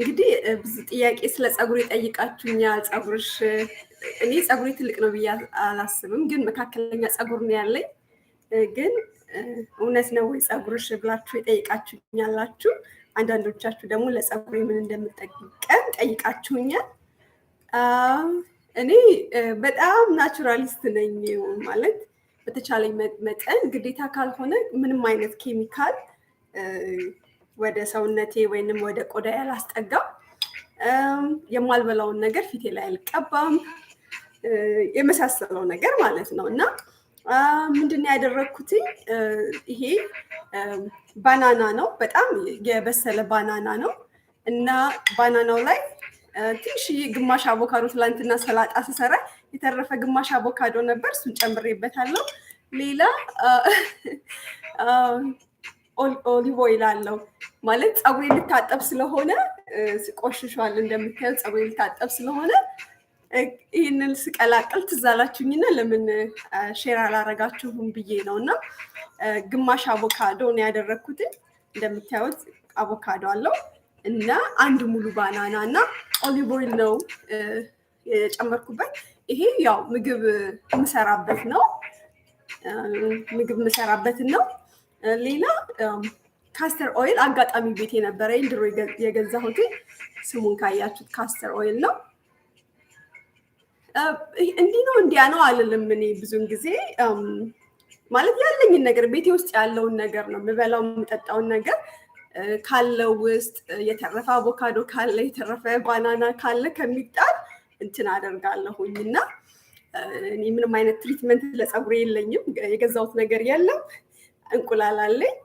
እንግዲህ ብዙ ጥያቄ ስለ ፀጉር ይጠይቃችሁኛል። ፀጉርሽ እኔ ፀጉሬ ትልቅ ነው ብዬ አላስብም፣ ግን መካከለኛ ፀጉር ነው ያለኝ። ግን እውነት ነው ወይ ፀጉርሽ ብላችሁ ይጠይቃችሁኛላችሁ። አንዳንዶቻችሁ ደግሞ ለፀጉር ምን እንደምጠቀም ጠይቃችሁኛል። እኔ በጣም ናቹራሊስት ነኝ። ማለት በተቻለኝ መጠን ግዴታ ካልሆነ ምንም አይነት ኬሚካል ወደ ሰውነቴ ወይንም ወደ ቆዳ ያላስጠጋም፣ የማልበላውን ነገር ፊቴ ላይ አልቀባም፣ የመሳሰለው ነገር ማለት ነው እና ምንድን ያደረግኩት ይሄ ባናና ነው። በጣም የበሰለ ባናና ነው እና ባናናው ላይ ትንሽዬ ግማሽ አቮካዶ፣ ትላንትና ሰላጣ ስሰራ የተረፈ ግማሽ አቮካዶ ነበር፣ እሱን ጨምሬበታለሁ። ሌላ ኦሊቭ ኦይል አለው ማለት ፀጉሬ ልታጠብ ስለሆነ ቆሽሿል፣ እንደምታየው ፀጉሬ ልታጠብ ስለሆነ ይህንን ስቀላቅል ትዛላችሁኝና ለምን ሼር አላረጋችሁም ብዬ ነው። እና ግማሽ አቮካዶ ነው ያደረግኩትን እንደምታዩት አቮካዶ አለው እና አንድ ሙሉ ባናና እና ኦሊቭ ኦይል ነው የጨመርኩበት። ይሄ ያው ምግብ ምሰራበት ነው ምግብ የምሰራበትን ነው ሌላ ካስተር ኦይል አጋጣሚ ቤት የነበረ ድሮ የገዛሁት ስሙን ካያችሁት ካስተር ኦይል ነው። እንዲህ ነው እንዲያ ነው አልልም። እኔ ብዙን ጊዜ ማለት ያለኝን ነገር ቤቴ ውስጥ ያለውን ነገር ነው የምበላው የምጠጣውን ነገር ካለው ውስጥ የተረፈ አቮካዶ ካለ የተረፈ ባናና ካለ ከሚጣል እንትን አደርጋለሁኝ እና ምንም አይነት ትሪትመንት ለፀጉሬ የለኝም። የገዛሁት ነገር የለም። እንቁላል አለኝ።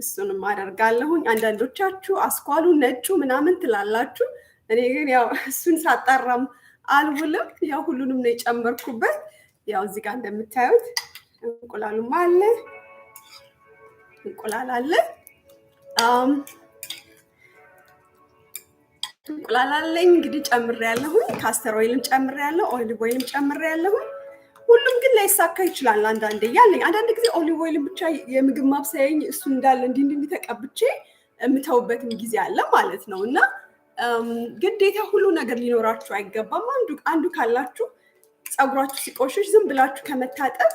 እሱንም አደርጋለሁኝ። አንዳንዶቻችሁ አስኳሉ ነጩ ምናምን ትላላችሁ። እኔ ግን ያው እሱን ሳጣራም አልውልም። ያው ሁሉንም ነው የጨመርኩበት። ያው እዚህ ጋር እንደምታዩት እንቁላሉም አለ እንቁላል አለ እንቁላል አለኝ እንግዲህ ጨምሬያለሁኝ። ካስተር ኦይልም ጨምሬያለሁ። ኦሊቭ ኦይልም ጨምሬያለሁኝ። ሁሉም ግን ላይሳካ ይችላል። አንዳንዴ ያለኝ አንዳንድ ጊዜ ኦሊቭ ኦይልን ብቻ የምግብ ማብሰያኝ እሱ እንዳለ እንዲ እንዲህ ተቀብቼ የምተውበትም ጊዜ አለ ማለት ነው እና ግዴታ ሁሉ ነገር ሊኖራችሁ አይገባም። አንዱ አንዱ ካላችሁ ፀጉራችሁ ሲቆሽሽ ዝም ብላችሁ ከመታጠብ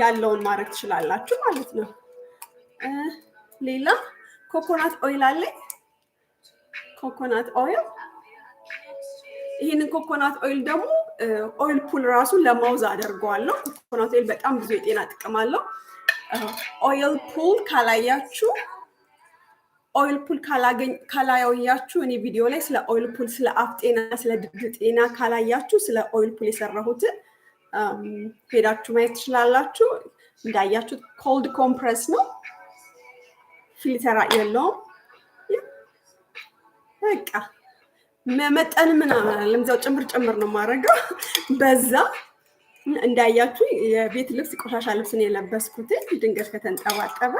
ያለውን ማድረግ ትችላላችሁ ማለት ነው። ሌላ ኮኮናት ኦይል አለኝ። ኮኮናት ኦይል ይህንን ኮኮናት ኦይል ደግሞ ኦይል ፑል ራሱን ለማውዝ አደርገዋለሁ። ኮኮናት ኦይል በጣም ብዙ የጤና ጥቅም አለው። ኦይል ፑል ካላያችሁ ኦይል ፑል ካላያውያችሁ እኔ ቪዲዮ ላይ ስለ ኦይል ፑል፣ ስለ አፍ ጤና፣ ስለ ድድ ጤና ካላያችሁ ስለ ኦይል ፑል የሰራሁትን ሄዳችሁ ማየት ትችላላችሁ። እንዳያችሁት ኮልድ ኮምፕረስ ነው፣ ፊልተር የለውም። በቃ መመጠን ምናምን አለም እዚያው ጭምር ጭምር ነው የማደርገው። በዛ እንዳያችሁ የቤት ልብስ ቆሻሻ ልብስን የለበስኩትን ድንገት ከተንጠባጠበ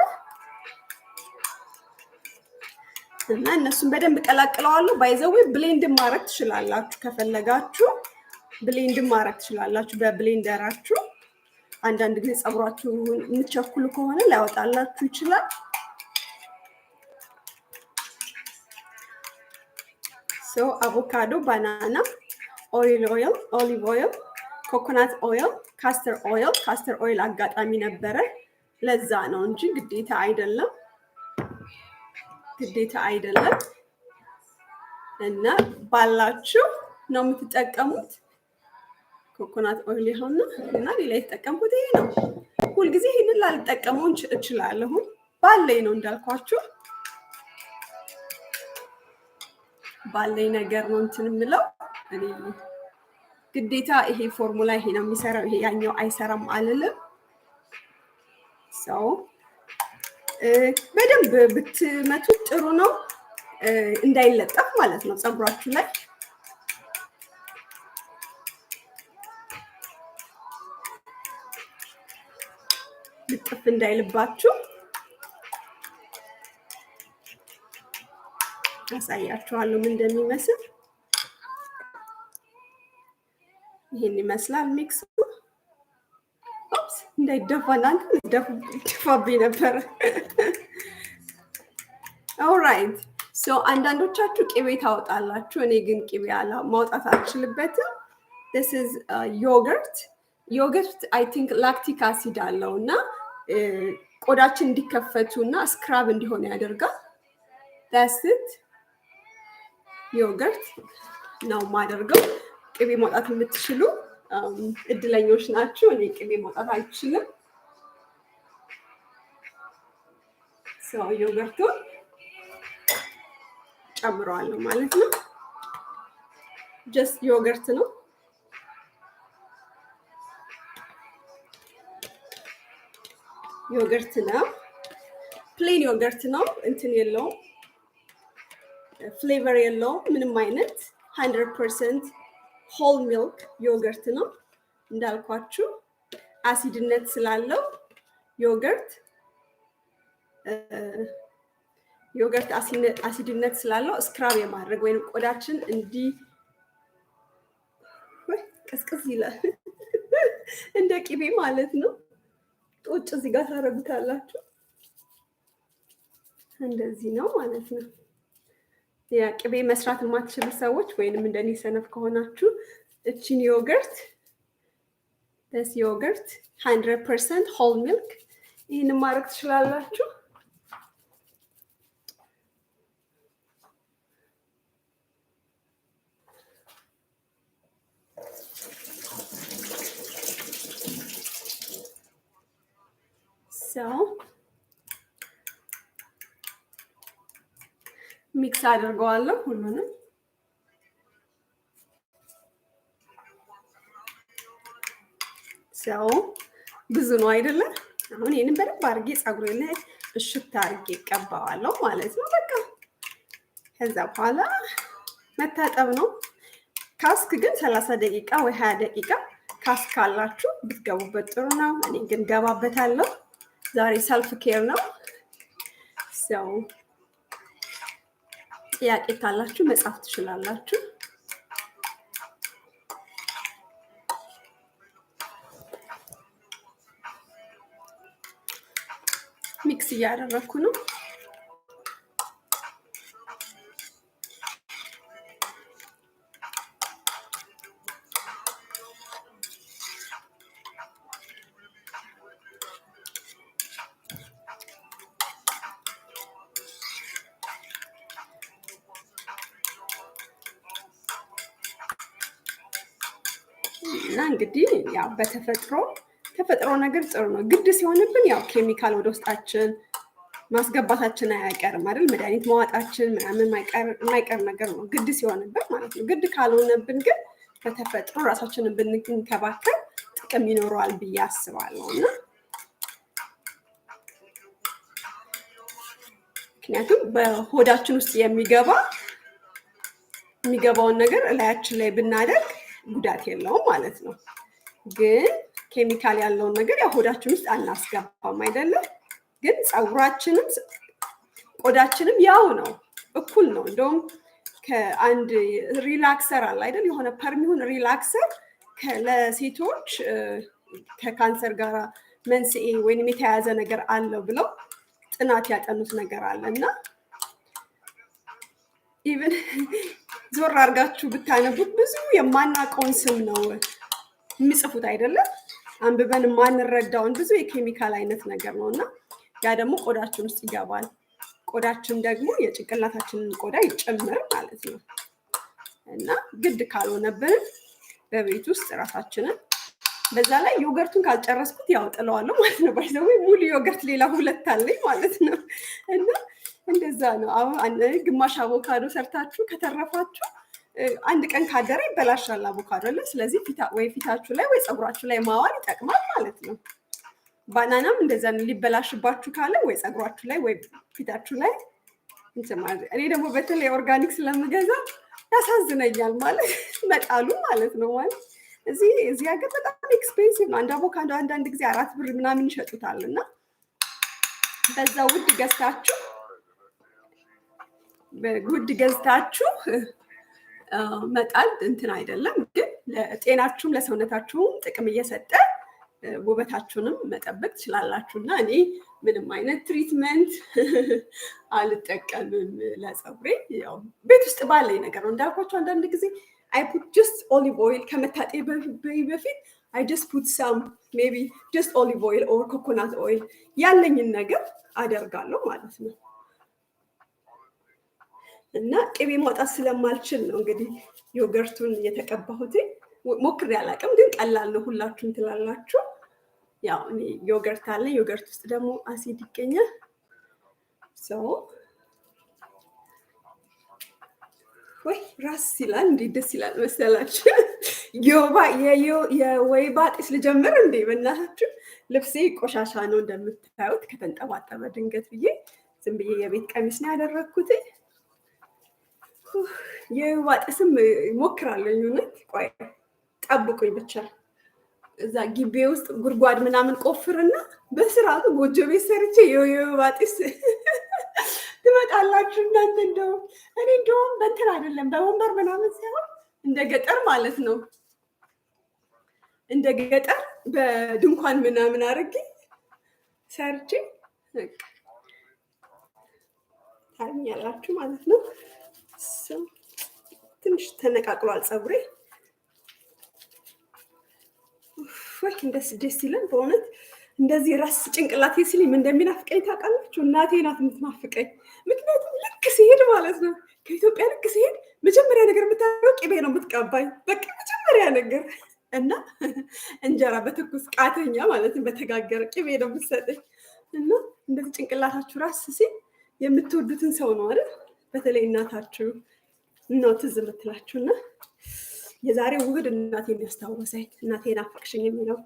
እና እነሱን በደንብ ቀላቅለዋለሁ። ባይዘዌ ብሌንድ ማድረግ ትችላላችሁ ከፈለጋችሁ ብሌንድ ማድረግ ትችላላችሁ በብሌንደራችሁ። አንዳንድ ጊዜ ፀጉራችሁ የምትቸኩሉ ከሆነ ላያወጣላችሁ ይችላል። So avocado, banana, ኦሊቭ oil, olive oil, ኮኮናት ኦይል፣ ካስተር ኦይል። ካስተር ኦይል አጋጣሚ ነበረ፣ ለዛ ነው እንጂ ግዴታ አይደለም፣ ግዴታ አይደለም። እና ባላችሁ ነው የምትጠቀሙት። ኮኮናት ኦይል ይኸውና፣ እና ሌላ የተጠቀምኩት ይሄ ነው። ሁልጊዜ ይህንን ላልጠቀመው እችላለሁ፣ ባለኝ ነው እንዳልኳችሁ ባለኝ ነገር ነው እንትን የምለው እኔ ግዴታ ይሄ ፎርሙላ ይሄ ነው የሚሰራው፣ ይሄ ያኛው አይሰራም አልልም። ሰው በደንብ ብትመቱት ጥሩ ነው፣ እንዳይለጠፍ ማለት ነው ፀጉራችሁ ላይ ልጥፍ እንዳይልባችሁ። ያሳያችኋለሁ ምን እንደሚመስል። ይህን ይመስላል ሚክስ እንዳይደፋ እናንተ ይደፋብኝ ነበረ። ኦራይት ሶ አንዳንዶቻችሁ ቅቤ ታወጣላችሁ። እኔ ግን ቅቤ ማውጣት አልችልበትም። ስ ዮገርት ዮገርት አይ ቲንክ ላክቲክ አሲድ አለው እና uh, ቆዳችን እንዲከፈቱ እና ስክራብ እንዲሆን ያደርጋል። ዳስት ዮገርት ነው የማደርገው። ቅቤ ማውጣት የምትችሉ እድለኞች ናቸው። እኔ ቅቤ ማውጣት አይችልም። ሰው ዮገርቱን ጨምረዋለሁ ማለት ነው። ጀስት ዮገርት ነው። ዮገርት ነው። ፕሌን ዮገርት ነው። እንትን የለውም ፍሌቨር የለውም ምንም አይነት ሀንድረድ ፐርሰንት ሆል ሚልክ ዮገርት ነው። እንዳልኳችሁ አሲድነት ስላለው ዮገርት ዮገርት አሲድነት ስላለው ስክራብ የማድረግ ወይም ቆዳችን እንዲህ ቅዝቅዝ ይላል እንደ ቂቤ ማለት ነው። ጦጭ እዚህ ጋር ታደርጉታላችሁ። እንደዚህ ነው ማለት ነው። የቅቤ መስራት የማትችሉ ሰዎች ወይንም እንደኔ ሰነፍ ከሆናችሁ እችን ዮገርት ደስ ዮገርት ሀንድረድ ፐርሰንት ሆል ሚልክ ይህን ማድረግ ትችላላችሁ። ሰው ሚክስ አድርገዋለሁ ሁሉንም ሰው ብዙ ነው አይደለም። አሁን ይህንን በደንብ አድርጌ ፀጉሬ ላይ እሽታ አድርጌ ይቀባዋለሁ ማለት ነው። በቃ ከዛ በኋላ መታጠብ ነው። ካስክ ግን ሰላሳ ደቂቃ ወይ ሀያ ደቂቃ ካስክ ካላችሁ ብትገቡበት ጥሩ ነው። እኔ ግን ገባበታለሁ። ዛሬ ሰልፍ ኬር ነው ሰው ጥያቄ ካላችሁ መጻፍ ትችላላችሁ። ሚክስ እያደረኩ ነው። በተፈጥሮ ተፈጥሮ ነገር ጥሩ ነው። ግድ ሲሆንብን ያው ኬሚካል ወደ ውስጣችን ማስገባታችን አያቀርም አይደል? መድኃኒት መዋጣችን ምናምን የማይቀር ነገር ነው፣ ግድ ሲሆንብን ማለት ነው። ግድ ካልሆነብን ግን በተፈጥሮ ራሳችንን ብንከባከብ ጥቅም ይኖረዋል ብዬ አስባለሁ እና ምክንያቱም በሆዳችን ውስጥ የሚገባ የሚገባውን ነገር እላያችን ላይ ብናደርግ ጉዳት የለውም ማለት ነው። ግን ኬሚካል ያለውን ነገር ያው ሆዳችን ውስጥ አናስገባም አይደለም። ግን ፀጉራችንም ቆዳችንም ያው ነው፣ እኩል ነው። እንደውም ከአንድ ሪላክሰር አለ አይደል? የሆነ ፐርሚሁን ሪላክሰር ለሴቶች ከካንሰር ጋር መንስኤ ወይም የተያያዘ ነገር አለው ብለው ጥናት ያጠኑት ነገር አለ እና ኢቨን ዞር አድርጋችሁ ብታነቡት ብዙ የማናውቀውን ስም ነው የሚጽፉት አይደለም አንብበን የማንረዳውን ብዙ የኬሚካል አይነት ነገር ነው እና ያ ደግሞ ቆዳችን ውስጥ ይገባል። ቆዳችን ደግሞ የጭንቅላታችንን ቆዳ ይጨምር ማለት ነው እና ግድ ካልሆነብንም በቤት ውስጥ ራሳችንን በዛ ላይ ዮገርቱን ካልጨረስኩት ያው ጥለዋለሁ ማለት ነው። ባይዘ ሙሉ ዮገርት ሌላ ሁለት አለኝ ማለት ነው እና እንደዛ ነው። ግማሽ አቮካዶ ሰርታችሁ ከተረፋችሁ አንድ ቀን ካደረ ይበላሻል አቮካዶ አለ። ስለዚህ ወይ ፊታችሁ ላይ ወይ ፀጉራችሁ ላይ ማዋል ይጠቅማል ማለት ነው። ባናናም እንደዛ ሊበላሽባችሁ ካለ ወይ ፀጉራችሁ ላይ ወይ ፊታችሁ ላይ እኔ ደግሞ በተለይ ኦርጋኒክ ስለምገዛ ያሳዝነኛል ማለት መጣሉ ማለት ነው። ማለት እዚህ እዚህ ሀገር በጣም ኤክስፔንሲቭ ነው። አንድ አቮካዶ አንዳንድ ጊዜ አራት ብር ምናምን ይሸጡታል እና በዛ ውድ ገዝታችሁ ውድ ገዝታችሁ መጣል እንትን አይደለም፣ ግን ለጤናችሁም ለሰውነታችሁም ጥቅም እየሰጠ ውበታችሁንም መጠበቅ ትችላላችሁ። እና እኔ ምንም አይነት ትሪትመንት አልጠቀምም ለፀጉሬ። ያው ቤት ውስጥ ባለኝ ነገር ነው እንዳልኳቸው። አንዳንድ ጊዜ አይ ፑት ጀስት ኦሊቭ ኦይል ከመታጤ በፊት አይ ጀስት ፑት ሳም ሜይ ቢ ጀስት ኦሊቭ ኦይል ኦር ኮኮናት ኦይል ያለኝን ነገር አደርጋለሁ ማለት ነው። እና ቅቤ ማውጣት ስለማልችል ነው እንግዲህ ዮገርቱን የተቀባሁት። ሞክሬ አላውቅም፣ ግን ቀላል ነው። ሁላችሁም ትላላችሁ። ያው እኔ ዮገርት አለ። ዮገርት ውስጥ ደግሞ አሲድ ይገኛል። ሰው ወይ ራስ ይላል። እንዴት ደስ ይላል መሰላችሁ! የወይባ ጢስ ልጀምር እንዴ? በእናታችሁ ልብሴ ቆሻሻ ነው እንደምታዩት፣ ከተንጠባጠበ ድንገት ብዬ ዝም ብዬ የቤት ቀሚስ ነው ያደረግኩት። የማጠስም ሞክራለሁ። እውነት ቆይ ጠብቁኝ ብቻ እዛ ግቢ ውስጥ ጉድጓድ ምናምን ቆፍርና በስርዓቱ ጎጆ ቤት ሰርቼ የማጤስ ትመጣላችሁ እናንተ። እንደውም እኔ እንደውም በእንትን አይደለም በወንበር ምናምን ሳይሆን እንደ ገጠር ማለት ነው እንደ ገጠር በድንኳን ምናምን አድርጌ ሰርቼ ታኛላችሁ ማለት ነው። አልለበስም። ትንሽ ተነቃቅሏል ፀጉሬ። ወይ እንደስ ደስ ይለን በእውነት እንደዚህ ራስ ጭንቅላት ሲልም እንደሚናፍቀኝ ታውቃላችሁ? እናቴ ናት የምትናፍቀኝ። ምክንያቱም ልክ ሲሄድ ማለት ነው ከኢትዮጵያ ልክ ሲሄድ መጀመሪያ ነገር የምታደርገው ቅቤ ነው የምትቀባኝ። በቃ መጀመሪያ ነገር እና እንጀራ በትኩስ ቃተኛ ማለት በተጋገረ ቅቤ ነው የምትሰጠኝ። እና እንደዚህ ጭንቅላታችሁ ራስ ሲል የምትወዱትን ሰው ነው አይደል? በተለይ እናታችሁ ነው ትዝ የምትላችሁና የዛሬው ውህድ እናቴ የሚያስታወሰኝ እናቴ አፈቅሽኝ የሚለው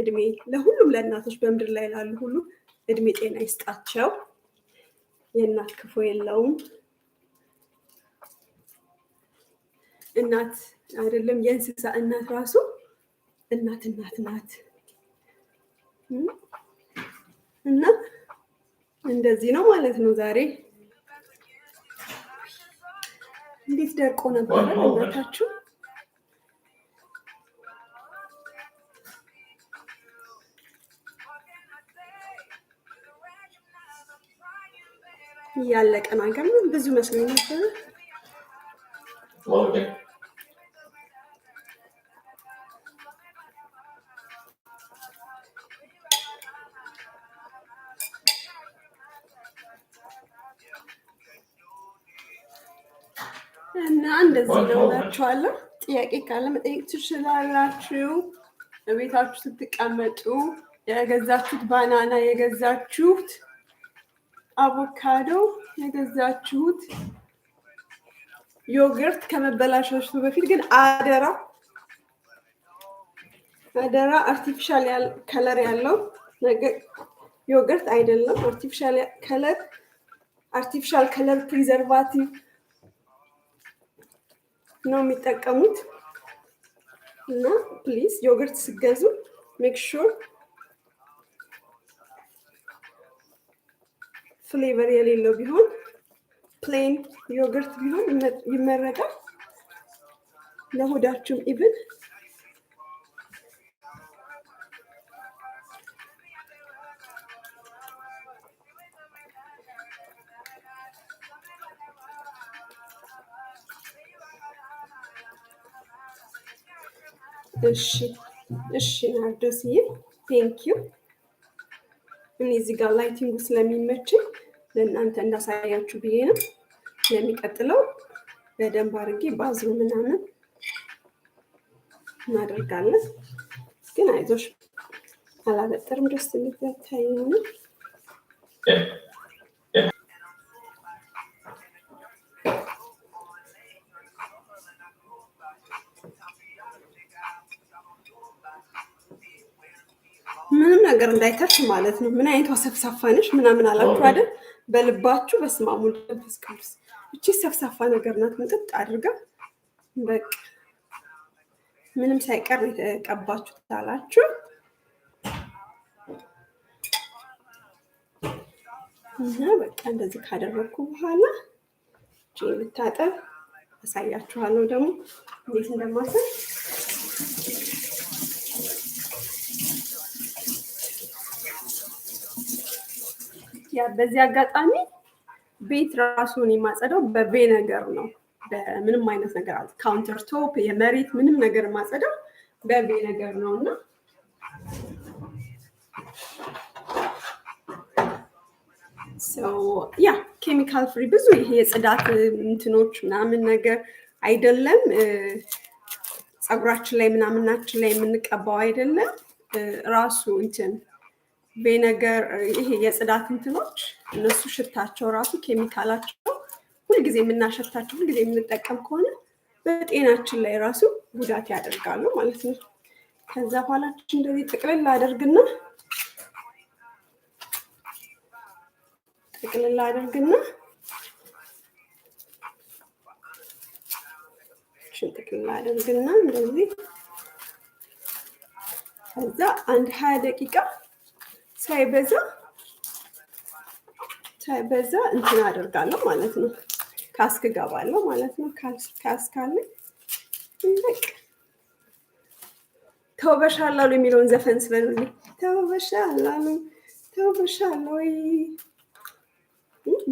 እድሜ ለሁሉም ለእናቶች በምድር ላይ ላሉ ሁሉ እድሜ ጤና ይስጣቸው። የእናት ክፉ የለውም። እናት አይደለም የእንስሳ እናት ራሱ እናት እናት ናት እና እንደዚህ ነው ማለት ነው ዛሬ እንዴት ደርቆ ነበረ እናታችሁ? እያለቀ ነው። አይገርምም? ብዙ መስሎኝ ነበረ። እና እንደዚህ ነው እላችኋለሁ። ጥያቄ ካለ መጠየቅ ትችላላችሁ። በቤታችሁ ስትቀመጡ የገዛችሁት ባናና፣ የገዛችሁት አቮካዶ፣ የገዛችሁት ዮግርት ከመበላሸቱ በፊት ግን አደራ አደራ አርቲፊሻል ከለር ያለው ነገር ዮግርት አይደለም። አርቲፊሻል ከለር አርቲፊሻል ከለር ፕሪዘርቫቲቭ ነው የሚጠቀሙት። እና ፕሊዝ ዮገርት ስገዙ ሜክ ሹር ፍሌቨር የሌለው ቢሆን ፕሌን ዮገርት ቢሆን ይመረጣል። ለሆዳችሁም ኢብን እሺ እሺ እኔ እዚህ ጋር ላይቲንጉ ስለሚመችኝ ለእናንተ እንዳሳያችሁ ብዬ ነው። ለሚቀጥለው በደንብ አድርጌ ባዝሩ ምናምን እናደርጋለን። ግን አይዞሽ አላበጠርም። ደስ ምንም ነገር እንዳይተርፍ ማለት ነው። ምን አይነቷ ሰብሳፋ ነሽ ምናምን አላችሁ አይደል? በልባችሁ በስማሙ መንፈስ ቅዱስ እቺ ሰብሳፋ ነገር ናት። ምጥጥ አድርጋ በቃ ምንም ሳይቀር የተቀባችሁ ታላችሁ። በቃ እንደዚህ ካደረግኩ በኋላ እቺ የምታጠብ አሳያችኋለሁ ደግሞ እንዴት እንደማሰብ በዚህ አጋጣሚ ቤት ራሱን የማጸደው በቤ ነገር ነው። ምንም አይነት ነገር አለ ካውንተር ቶፕ የመሬት ምንም ነገር የማጸደው በቤ ነገር ነው እና ያ ኬሚካል ፍሪ ብዙ ይሄ የጽዳት እንትኖች ምናምን ነገር አይደለም። ፀጉራችን ላይ ምናምናችን ላይ የምንቀባው አይደለም ራሱ እንትን ቤነገር ይሄ የጽዳት እንትኖች እነሱ ሽታቸው ራሱ ኬሚካላቸው ሁልጊዜ የምናሸታቸው ሁልጊዜ የምንጠቀም ከሆነ በጤናችን ላይ ራሱ ጉዳት ያደርጋሉ ማለት ነው። ከዛ በኋላችን እንደዚህ ጥቅልል አደርግና ጥቅልል አደርግና ጥቅልል አደርግና እንደዚህ ከዛ አንድ ሀያ ደቂቃ ሳይበዛ ሳይበዛ እንትን አደርጋለሁ ማለት ነው። ካስክ ገባለሁ ማለት ነው። ካስክ ይልቅ ይበቅ የሚለውን ዘፈን ስበሉልኝ። ተውበሻ አላሉ ወይ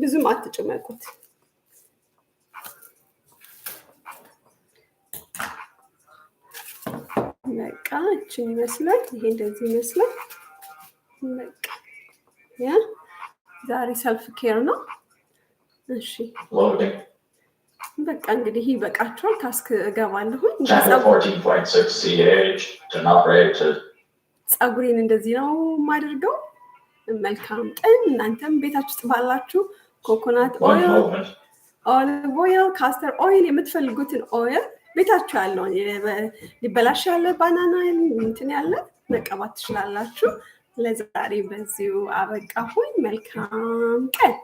ብዙም አትጭመቁት። በቃ እችን ይመስላል። ይሄ እንደዚህ ይመስላል። ዛሬ ሰልፍ ኬር ነው። እሺ በቃ እንግዲህ ይበቃችኋል። ታስክ እገባለሁኝ። ፀጉሬን እንደዚህ ነው የማደርገው። መልካም ቀን። እናንተም ቤታችሁ ውስጥ ባላችሁ ኮኮናት ኦይል፣ ኦሊቭ ኦይል፣ ካስተር ኦይል የምትፈልጉትን ኦይል ቤታችሁ ያለውን ሊበላሽ ያለ ባናና እንትን ያለ መቀባት ትችላላችሁ። ለዛሬ በዚሁ አበቃ አበቃሁኝ። መልካም ቀን።